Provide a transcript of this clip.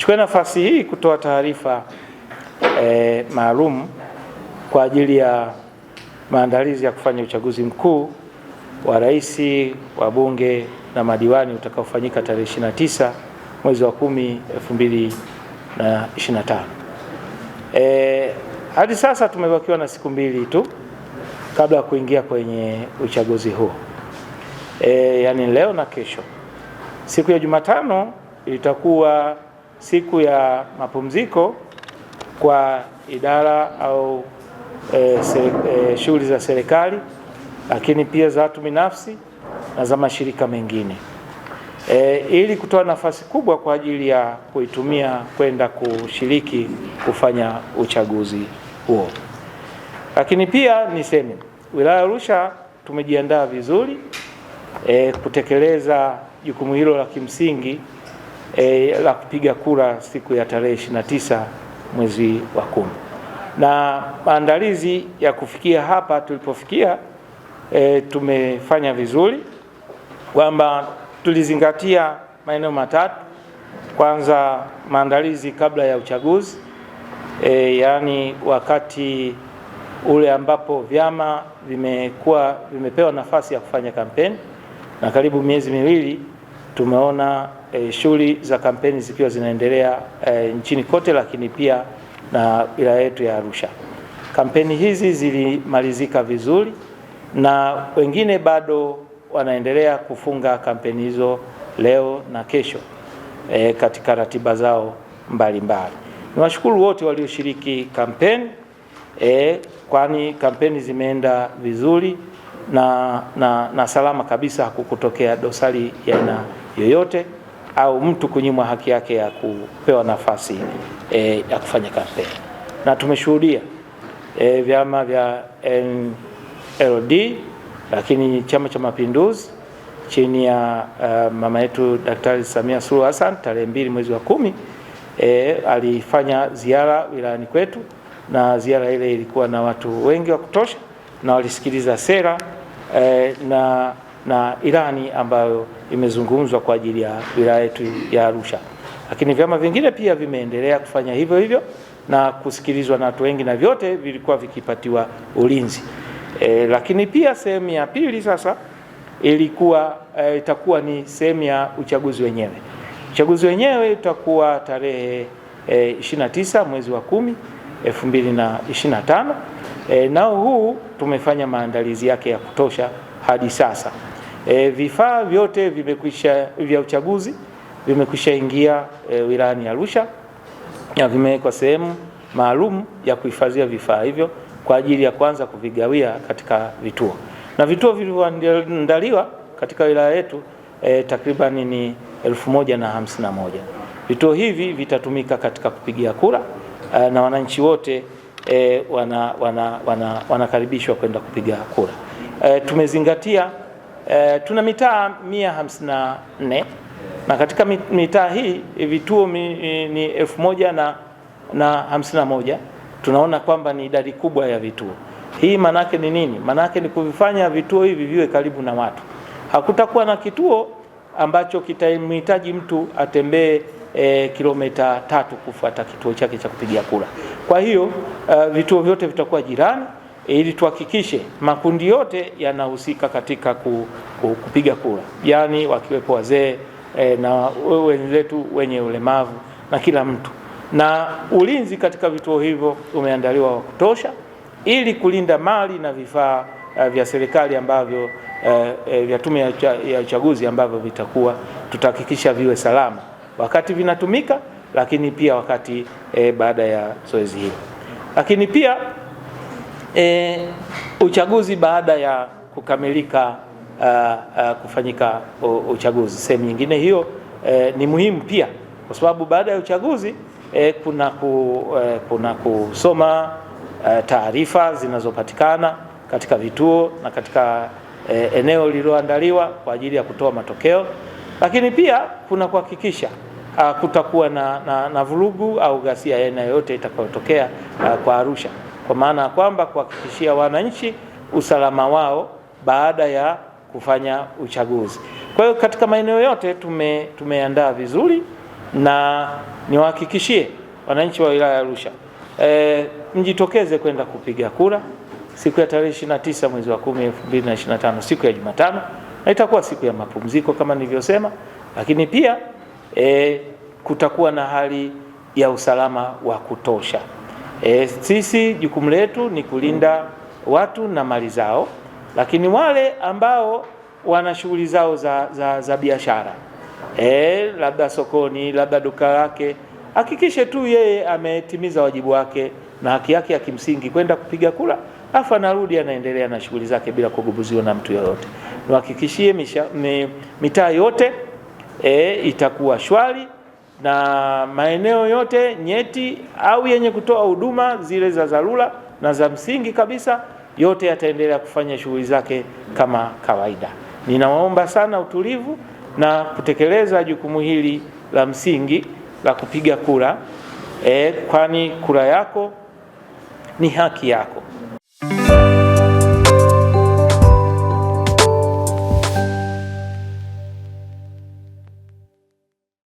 Chukua nafasi hii kutoa taarifa e, maalum kwa ajili ya maandalizi ya kufanya uchaguzi mkuu wa rais, wa bunge na madiwani utakaofanyika tarehe 29 mwezi wa 10 2025. E, hadi sasa tumebakiwa na siku mbili tu kabla ya kuingia kwenye uchaguzi huo. E, yani leo na kesho. Siku ya Jumatano itakuwa siku ya mapumziko kwa idara au e, e, shughuli za serikali, lakini pia za watu binafsi na za mashirika mengine e, ili kutoa nafasi kubwa kwa ajili ya kuitumia kwenda kushiriki kufanya uchaguzi huo. Lakini pia niseme wilaya ya Arusha tumejiandaa vizuri e, kutekeleza jukumu hilo la kimsingi e, la kupiga kura siku ya tarehe tisa mwezi wa kumi, na maandalizi ya kufikia hapa tulipofikia, e, tumefanya vizuri kwamba tulizingatia maeneo matatu. Kwanza, maandalizi kabla ya uchaguzi e, yaani wakati ule ambapo vyama vimekuwa vimepewa nafasi ya kufanya kampeni na karibu miezi miwili tumeona e, shughuli za kampeni zikiwa zinaendelea e, nchini kote, lakini pia na wilaya yetu ya Arusha. Kampeni hizi zilimalizika vizuri na wengine bado wanaendelea kufunga kampeni hizo leo na kesho e, katika ratiba zao mbalimbali. Niwashukuru wote walioshiriki kampeni e, kwani kampeni zimeenda vizuri na, na, na salama kabisa, hakukutokea dosari ya aina yoyote au mtu kunyimwa haki yake ya kupewa nafasi e, ya kufanya kampeni, na tumeshuhudia e, vyama vya NLD lakini Chama cha Mapinduzi chini ya uh, mama yetu Daktari Samia Suluhu Hassan tarehe mbili mwezi wa kumi e, alifanya ziara wilayani kwetu, na ziara ile ilikuwa na watu wengi wa kutosha na walisikiliza sera e, na na ilani ambayo imezungumzwa kwa ajili ya wilaya yetu ya Arusha. Lakini vyama vingine pia vimeendelea kufanya hivyo hivyo na kusikilizwa na watu wengi, na vyote vilikuwa vikipatiwa ulinzi e. Lakini pia sehemu ya pili sasa ilikuwa e, itakuwa ni sehemu ya uchaguzi wenyewe. Uchaguzi wenyewe utakuwa tarehe e, 29 mwezi wa kumi 2025 e, nao huu tumefanya maandalizi yake ya kutosha hadi sasa. E, vifaa vyote vimekwisha vya uchaguzi vimekwisha ingia e, wilayani Arusha na vimewekwa sehemu maalum ya kuhifadhia vifaa hivyo kwa ajili ya kwanza kuvigawia katika vituo, na vituo vilivyoandaliwa katika wilaya yetu e, takriban ni elfu moja na hamsini na moja. Vituo hivi vitatumika katika kupigia kura e, na wananchi wote e, wanakaribishwa wana, wana, wana kwenda kupiga kura e, tumezingatia E, tuna mitaa 154 na katika mitaa hii eh, vituo mi, eh, ni elfu moja na, na hamsini na moja. Tunaona kwamba ni idadi kubwa ya vituo. Hii maanake ni nini? Maanake ni kuvifanya vituo hivi viwe karibu na watu. Hakutakuwa na kituo ambacho kitamhitaji mtu atembee e, kilomita tatu kufuata kituo chake cha kupigia kura. Kwa hiyo uh, vituo vyote vitakuwa jirani ili tuhakikishe makundi yote yanahusika katika ku, ku, kupiga kura, yaani wakiwepo wazee e, na wenzetu wenye ulemavu na kila mtu, na ulinzi katika vituo hivyo umeandaliwa wa kutosha ili kulinda mali na vifaa uh, vya serikali ambavyo uh, vya tume ya uchaguzi ambavyo vitakuwa tutahakikisha viwe salama wakati vinatumika, lakini pia wakati eh, baada ya zoezi hilo, lakini pia e, uchaguzi baada ya kukamilika uh, uh, kufanyika uchaguzi sehemu nyingine hiyo uh, ni muhimu pia kwa sababu baada ya uchaguzi uh, kuna, ku, uh, kuna kusoma uh, taarifa zinazopatikana katika vituo na katika uh, eneo lililoandaliwa kwa ajili ya kutoa matokeo, lakini pia kuna kuhakikisha uh, kutakuwa na, na, na vurugu au ghasia ya aina yoyote itakayotokea uh, kwa Arusha kwa maana ya kwamba kuhakikishia wananchi usalama wao baada ya kufanya uchaguzi. Kwa hiyo katika maeneo yote tume, tumeandaa vizuri na niwahakikishie wananchi wa wilaya ya Arusha e, mjitokeze kwenda kupiga kura siku ya tarehe 29 mwezi wa 10 2025, siku ya Jumatano, na itakuwa siku ya mapumziko kama nilivyosema, lakini pia e, kutakuwa na hali ya usalama wa kutosha. E, sisi jukumu letu ni kulinda watu na mali zao, lakini wale ambao wana shughuli zao za, za, za biashara e, labda sokoni, labda duka lake, hakikishe tu yeye ametimiza wajibu wake na haki yake ya kimsingi kwenda kupiga kura, afa anarudi anaendelea na shughuli zake bila kugubuziwa na mtu yoyote. Niwahakikishie mitaa yote e, itakuwa shwari na maeneo yote nyeti au yenye kutoa huduma zile za dharura na za msingi kabisa, yote yataendelea kufanya shughuli zake kama kawaida. Ninawaomba sana utulivu na kutekeleza jukumu hili la msingi la kupiga kura e, kwani kura yako ni haki yako.